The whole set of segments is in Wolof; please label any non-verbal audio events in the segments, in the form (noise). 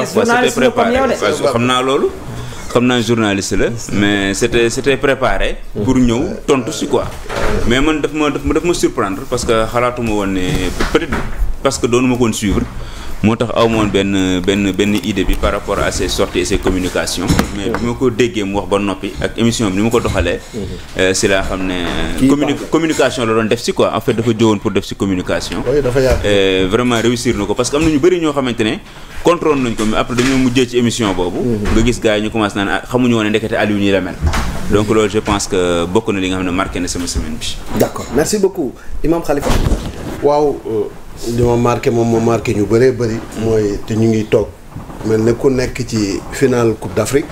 là c'était préparé parce que xam naa loolu xam naa journaliste la mais c'était c'était préparé pour ñëw tontu si quoi mais man daf ma daf ma surprendre parce que xalaatuma woon ne peut-être parce que doonu ma koon suivre moo tax aw moon benn benn benn idée bi par rapport à ses sorties et ses communications mais bi ma ko déggee mu wax ba noppi ak émission bi ni ma ko doxalee mhm. euh, si laa xam ne communication la doon def si quoi en fait dafa jógoon pour def si communication vraiment réussir na ko parce que am na ñu bëri ñoo xamante ne contrôle nañ ko après dañoo mujjee ci émission boobu mhm. nga gis gars yi ñu commencé naan ah, xamuñu woon ne ndekete Aliou nii la mel donc loolu je pense que bokk na li nga xam li ma marqué moom moo marqué ñu bëree bëri. mooy te ñu ngi toog mel ni ku nekk ci final coupe d'Afrique.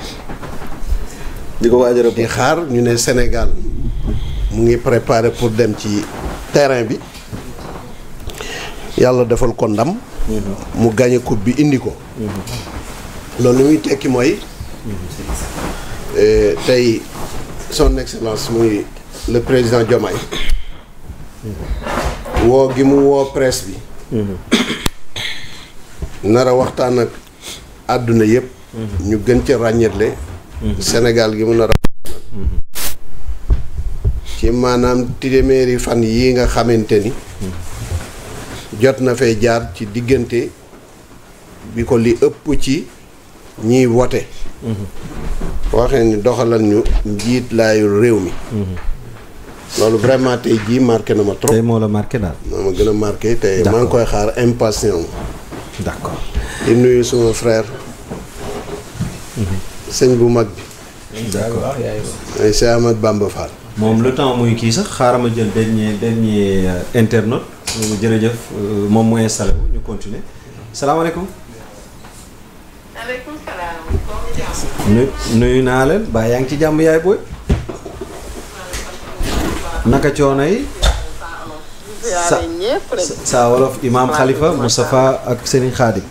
di ko waaj a di xaar ñu ne Sénégal mu ngi préparer pour dem ci terrain bi yàlla defal ko ndam. Mm-hmm. mu gagné coupe bi indi ko. Mm-hmm. loolu li muy tekki mooy. Mm-hmm. Eh, tey son excellence muy le président Diomaye. woo gi mu woo presse bi. Mm-hmm. nara waxtaan ak àdduna yëpp. Mm-hmm. ñu gën ca ràññeetle. Mm-hmm. senegal gi mu nar a. ci maanaam téeméeri fan yi nga xamante ni. jot na fee jaar ci diggante bi ko li ëpp ci ñiy wote. waxee ni doxalal ñu njiit réew mi. loolu vraiment tey jii na ma trop. moo la marqué daal. moo ma gën a marqué tey. maa ngi koy xaar impatient. d' accord nuyu suma frère. Mhm. sëñ bu mag bi. d' accord ay Cheikh Ahmad Bamba moom le temps muy kii sax xaaral ma jël dernier dernier euh, internaute. Euh, jërëjëf euh, moom mu installé wu ñu continuer salaamaaleykum. waaleykum salaam. nuyu naa leen ba yaa ngi ci jàmm yaay booy. naka coono yi. sa saa wolof imaam Khalifa Moustapha ak Serigne Khadim.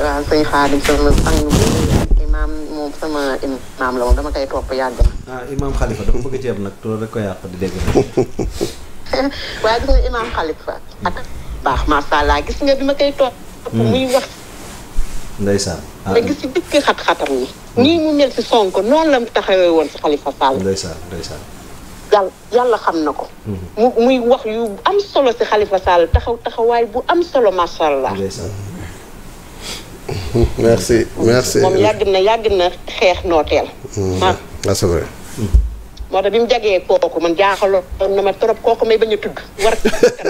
waaw sëñ Khadim sama sang bi imaam moom sama imaam la moom dama koy topp yàgg na. ah imaam bëgg ceeb nag loolu rek ko yàq di dégg. (laughs) waaye gis nga imaam koy topp. Hmm. muy wax. ndeysaan ah nga gis ci dëkk dal yàlla xam na ko. Mm-hmm. mu muy wax yu am solo si Khalifa Sall taxaw taxawaay bu am solo macha allah. (laughs) merci merci. yàgg na yàgg na xeex nooteel. Mm-hmm. Ah. ah c'est vrai. Mm-hmm. moo tax bi mu jagee kooku man jaaxaloon na ma trop kooku may bañ a tudd war a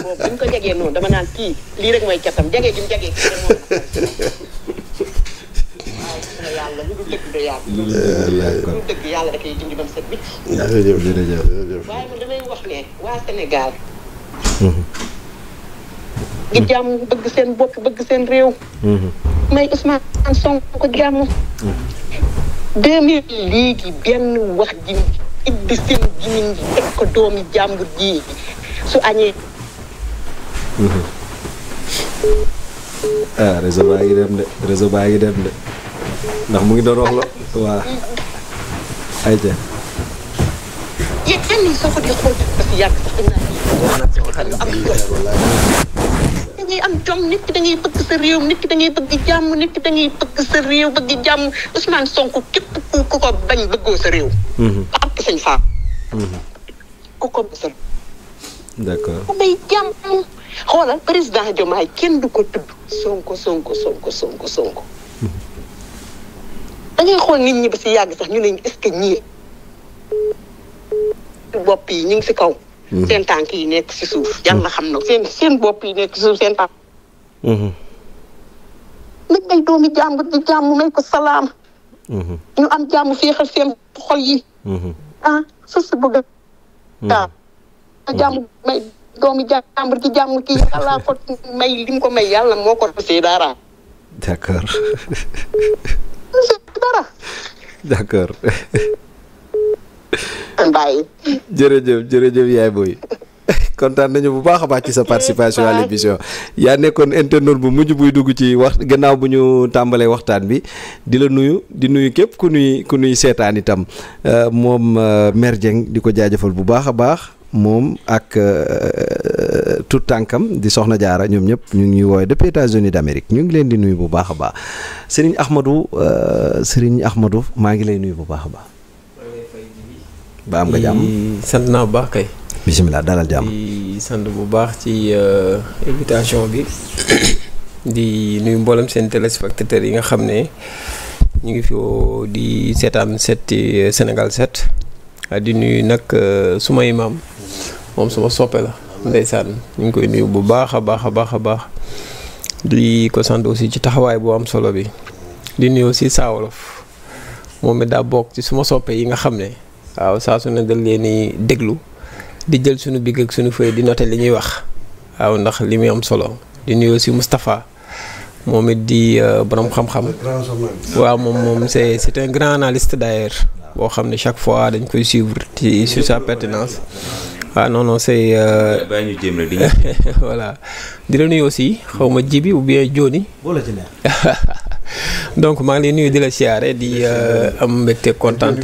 boobu bi ñu ko jagee noonu dama naan kii lii rek mooy catam jagee mu jagee kii (laughs) dëgg yàlla da mhm. jàmm bëgg seen bopp bëgg seen réew. Mhm. may Ousmane Sonko jàmm. 2000 mhm. léegi benn wax ji ibbi seen gimiñ ji teg ko doomi jàmbur ji su añee. Ah, réseau baa ngi dem de réseau baa ngi dem de. ndax mu ngi doon wax la waa ayca. yéen yéen ñii soo ko dee xool parce yàgg da ngay am jom nit ki da bëgg sa réew nit ki bëgg jàmm nit ki da ngay bëgg sa réew bëgg jàmm Ousmane Sonko képp ku ko bañ bëggoo sa réew. Mhm. ba am sañ faa. Mhm. ko bësal. d'accord ku may jàmm xoolal kenn du ko tudd Sonko Sonko Sonko Sonko Sonko. dangay xool nit ñi ba si yàgg sax ñu ne est-ce que ñii bopp yi ñu ngi si kaw. Mhm. seen tànk yi nekk si suuf. yàlla mhm. xam na seen seen bopp yi nekk si suuf seen tànk. Mhm. nag day doomi jàmm di jàmm may ko salaam. ñu am jàmm féexal seen xol yi. ah su si bëgg a. jàmm may doomi jàmbur di kii (laughs) ko may lim ko may yàlla moo ko see dara. (laughs) (laughs) d'accord. bàyyi. jërëjëf jërëjëf yaay booy. kontaan nañu bu baax a baax ci sa participation à l'émission yaa nekkoon internaute bu mujj buy dugg ci wax gannaaw bu ñu tàmbalee waxtaan bi di la nuyu di nuyu képp ku nuy ku nuy seetaan itam euh, moom euh, Mère Dieng di ko jaajëfal bu baax a baax. moom ak euh, tout tànkam di soxna jaara ñoom ñëpp ñu ngi ñuy woowe depuis États-Unis d'Amérique ñu ngi leen di nuyu bu baax a baax sëriñ Ahmadou euh, sëriñ Ahmadou maa ngi lay nuyu bu baax a baax. ba am nga jàmm sant naa bu baax kay. bisimilah dalal jàmm sant bu baax ci euh, invitation bi (coughs) di nuyu mboolam seen téléspectateurs yi nga xam ne ñu ngi fi di seetaan set ci Sénégal set di nuyu nag sumay maam. moom suma soppee la ndeysaan ñu ngi koy nuyu bu baax a baax a baax a baax di ko sant aussi ci taxawaay bu am solo bi di nuyu aussi saawolof moom it daa bokk ci suma soppee yi nga xam ne waaw saa su ne dal leen ni déglu di jël suñu bigg ak suñu fëy di noté li ñuy wax waaw ndax li muy am solo di nuyu aussi Moustapha moom it di euh, borom xam-xam waaw moom moom c'est c'est un grand analyste d'ailleurs boo xam ne chaque fois dañ koy suivre ci sur sa pertinence ah non non c'est. Euh, di (laughs) voilà di la nuy aussi xaw ma jibi ou bien Joni. wala (laughs) donc maa ngi lay nuyu di la siyaare di euh, am mbégte kontaan.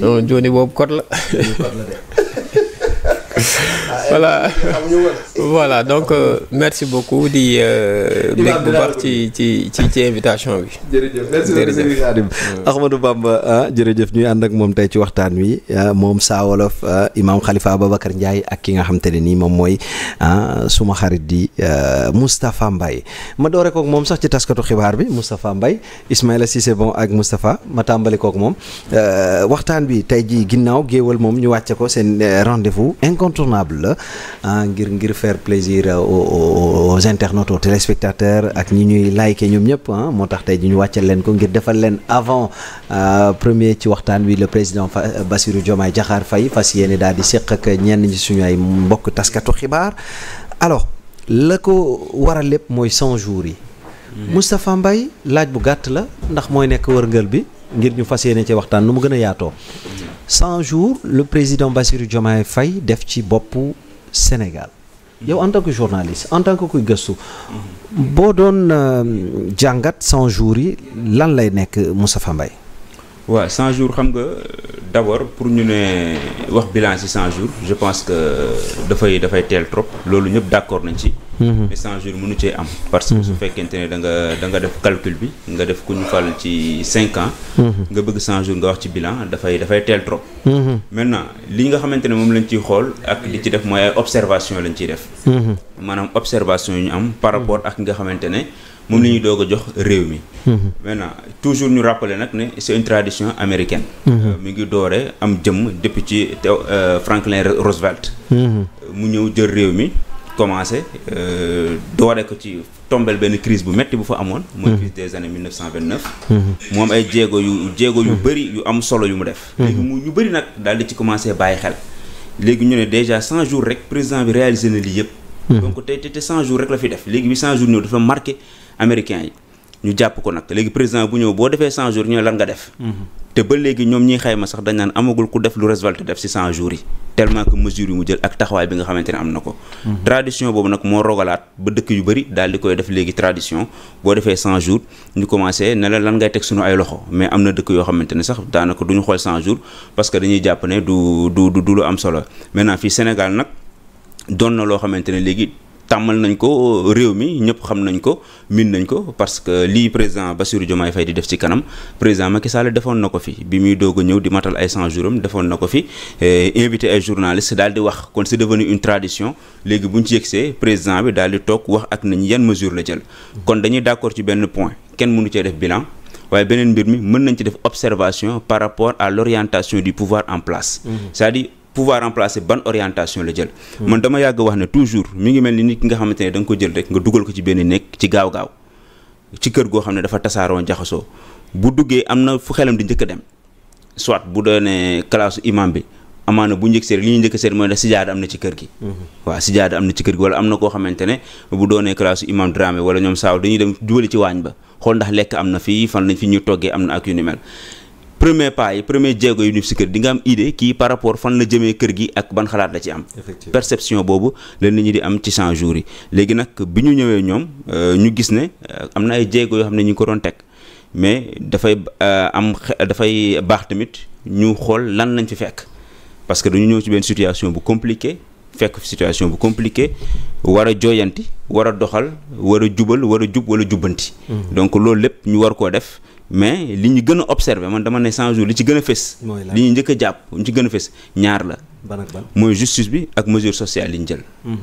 non boobu kot la. (laughs) Ah, voilà eh, eh, eh, voilà donc euh, merci beaucoup di bég euh, bu baax ci ci invitation bi. jërëjëf merci mm. ah, jërëjëf ñuy ànd ak moom tey ci waxtaan wi ah, moom Saa Wolof Imaam xalifa Ababacar Ndiaye ak ki nga xam te ne nii moom mooy suma xarit di Moustapha mbay ma doore kook moom sax ci taskatu xibaar bi Moustapha Mbaye Ismaïla Cissé Bon ak mustafa ma tàmbali kook moom waxtaan bi tey ji ginnaaw géewal moom ñu wàcce ko seen rendez-vous incontournable. table la ah, ngir ngir faire plaisir aux aux internautes aux téléspectateurs ak ñi ñuy liker ñoom ñëpp ah moo tax tey ji ñu wàccal leen ko ngir defal leen avant ah, premier ci waxtaan wi le président Bassirou Diomaye Diakhar Faye fas yéene daal di séq ak ñenn ñi suñu ay mbokk taskatu xibaar alors la ko waral lépp mooy 100 jours yi. Mm-hmm. Moustapha Mbaye laaj bu gàtt la ndax mooy nekk wërngël bi ngir ñu fas yéene ci waxtaan nu mu gën a yaatoo. Mm-hmm. cent jours le président Bassirou Diomaye Faye def ci boppu Sénégal yow en tant que journaliste en tant que kuy gëstu boo doon euh, jàngat cent jours yi lan lay nekk Moustapha Mbaye waaw 100 jours xam nga d'abord pour ñu ne wax bilan ci 100 jours je pense que dafay dafay teel trop loolu ñëpp d'accord nañ ci 100 mhm. jours mënu cee am. parce que su mhm. fekkente ne da nga da nga def calcul bi nga def ku ñu fal ci 5 ans. Mhm. nga bëgg 100 jours nga wax ci bilan dafay dafay teel trop. maintenant li nga xamante ne moom lañ ciy xool ak li ci def mooy ay observation lañ ciy nga xamante ne. moom la doog a jox réew mi. maintenant toujours ñu rappeler nag ne c' tradition américaine. Euh, mi ngi doore am jëm depuis euh, Franklin Roosevelt. Euh, mu ñëw jël réew mi. commencé euh, doore ko ci tombel benn crise bu metti bu fa amoon mooy mhm. crise des années 1929 mhm. mu am ay jéego yu jéego yu mhm. bëri yu am solo yu mu def léegi mu ñu bëri nag daal di ci commencé bàyyi xel léegi ñu ne déjà 100 jours rek président bi réalisé na lii yëpp donc te te 100 jours rek la fi def léegi bi 100 jours ñëw dafa marqué américain yi ñu jàpp ko nag léegi président bu ñëw boo defee 100 jours ñu lan nga def te ba léegi ñoom ñiy xayma sax dañ naan amagul ku def lu résultat def si 100 jours tellement que mesure yu mu jël ak taxawaay bi nga xamante ne am na ko. Mhm. tradition boobu nag moo rogalaat ba dëkk yu bëri daal di koy def léegi tradition boo defee 100 jours ñu commencé ne la lan ngay teg suñu ay loxo mais am na dëkk yoo xamante ne sax daanaka du ñu xool 100 jours parce que dañuy jàpp ne du du du lu am solo maintenant fii Sénégal nag doon na loo xamante ne léegi. tàmmal nañ ko réew mi ñëpp xam nañ ko min nañ ko parce que lii président ba Bassirou Diomaye fay di def ci kanam président Macky Sall defoon na ko fi bi muy doog ñëw di matal ay 100 jours am defoon na ko fi eh, invité ay journalistes daal di wax kon c'est devenu une tradition léegi bu ñu ci yegsee président bi daal di toog wax ak nañ yan mesure la jël kon dañuy d'accord ci benn point kenn mënu cee def bilan waaye beneen mbir mi mën nañ ci def observation par rapport à l'orientation du pouvoir en place mmh. pouvoir remplacer ban orientation la jël. man dama yàgg wax ne toujours mi ngi mel ni nit ki nga xamante ne da ko jël rek nga dugal ko ci benn nekk ci gaaw gaaw ci kër goo xam ne dafa tasaaroo jaxasoo bu duggee am na fu xelam di njëkk dem soit bu doonee classe imam bi. amaana bu njëkk seet li ñu njëkk seet mooy si sijaada am na ci kër gi mhm. waaw sijaada am na ci kër gi wala am na koo xamante ne bu doonee classe imam Dramé wala ñoom saaw dañuy dem jubali ci ba xool ndax lekk am na fii fan lañ fi ñuy toggee am na ak yu premier pas yi premier jéego yu ñu si kër di nga am idée ki par rapport fan la jëmee kër gi ak ban xalaat la ci am. perception boobu la nit ñi di am ci 100 jours léegi nag bi ñu ñëwee ñoom euh, ñu gis ne euh, am na ay jéego yoo xam ne ñu ko doon teg mais dafay euh, am dafay baax tamit ñu xool lan lañ fi fekk parce que dañu ñëw ci benn situation bu compliquée. fekk situation bu compliqué war a jooyanti war a doxal wara a jubal war a jub wala jubbanti mm-hmm. donc loolu lépp ñu war koo def mais li ñu gën a observé man dama ne 100 jours li ci gën a fës. li ñu njëkk jàpp jàpp li ci gën a fës ñaar la. ban ak ban mooy justice bi ak mesure sociale yi ñu jël. Mhm.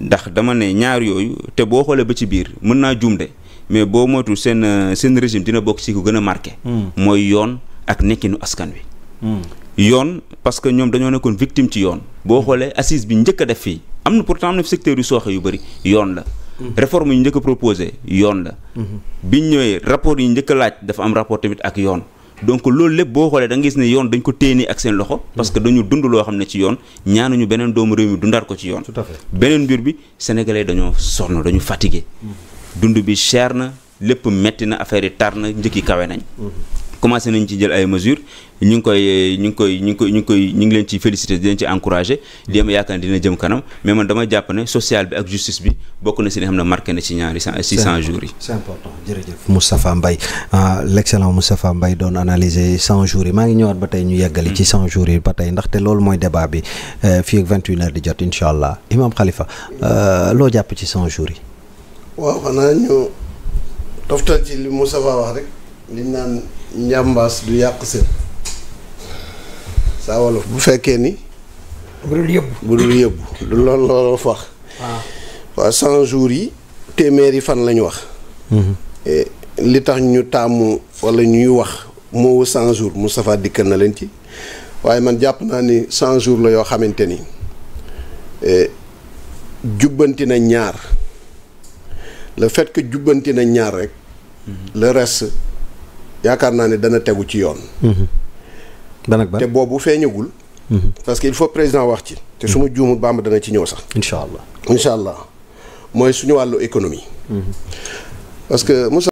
ndax dama ne ñaar yooyu te boo xoolee ba ci biir mën naa juum de mais boo moytu seen euh, seen régime dina bokk ci ku gën a marqué. Mhm. mooy yoon ak nekkinu askan wi. Mhm. yoon parce que ñoom dañoo nekkoon victime ci yoon. boo xoolee assise bi njëkk a def fii am na pourtant am secteur yu sooxe yu bëri yoon la. Mm-hmm. réforme yi njëkk a proposé yoon la. Mm-hmm. biñ ñëwee rapport yi njëkk a laaj dafa am rapport tamit ak yoon. donc loolu lépp boo xoolee da gis ne yoon dañ ko téye nii ak seen loxo. parce que mm-hmm. dañu dund loo xam ne ci yoon ñaanuñu beneen doomu réew mi dundaat ko ci yoon. tout à fait beneen mbir bi sénégalais dañoo sonn dañu fatigué. dund bi cher na lépp metti na affaire yi tar na njëkk yi kawe nañ. commencé nañ ci jël ay mesures ñu ngi koy ñu ngi koy ñu ngi koy ñu ngi koy leen ci féliciter di leen ci encourager di am yaakaar dina jëm kanam mais man dama jàpp ne social bi ak justice bi bokk na si xam ne marqué na ci ñaari six cent jour yi c'est important jërëjëf ah, Moustapha Mbaye doon analyser cent jours yi maa ngi ñëwaat ba tey ñu yeggali ci cent jours yi ba tey ndaxte loolu mooy débat bi euh, fii ak vingt et une heures di jot incha allah Imam Khalifa euh, loo jàpp ci cent jours li naan njàmbaas du yàq seen saa wolof bu fekkee ni. bu dul yëbbu bu dul yëbbu du loolu loolu wax. waaw ah. waaw jours yi téeméeri fan la ñu wax. Mhm. E, li tax ñu tàmm wala ñuy wax moo cent jours Moustapha dikkal na leen ci waaye man jàpp naa ni cent jours la yoo xamante ni e, jubbanti na ñaar la fait que jubbanti na ñaar rek mhm. le reste. yaakaar naa ne dana tegu ci yoon. Mhm. dana te boobu feeñagul. Mhm. parce que il faut président wax ci. te su ma juumul Bamba dana ci ñëw sax. incha allah incha allah mooy suñu wàllu économie. Mhm. parce que Moussa.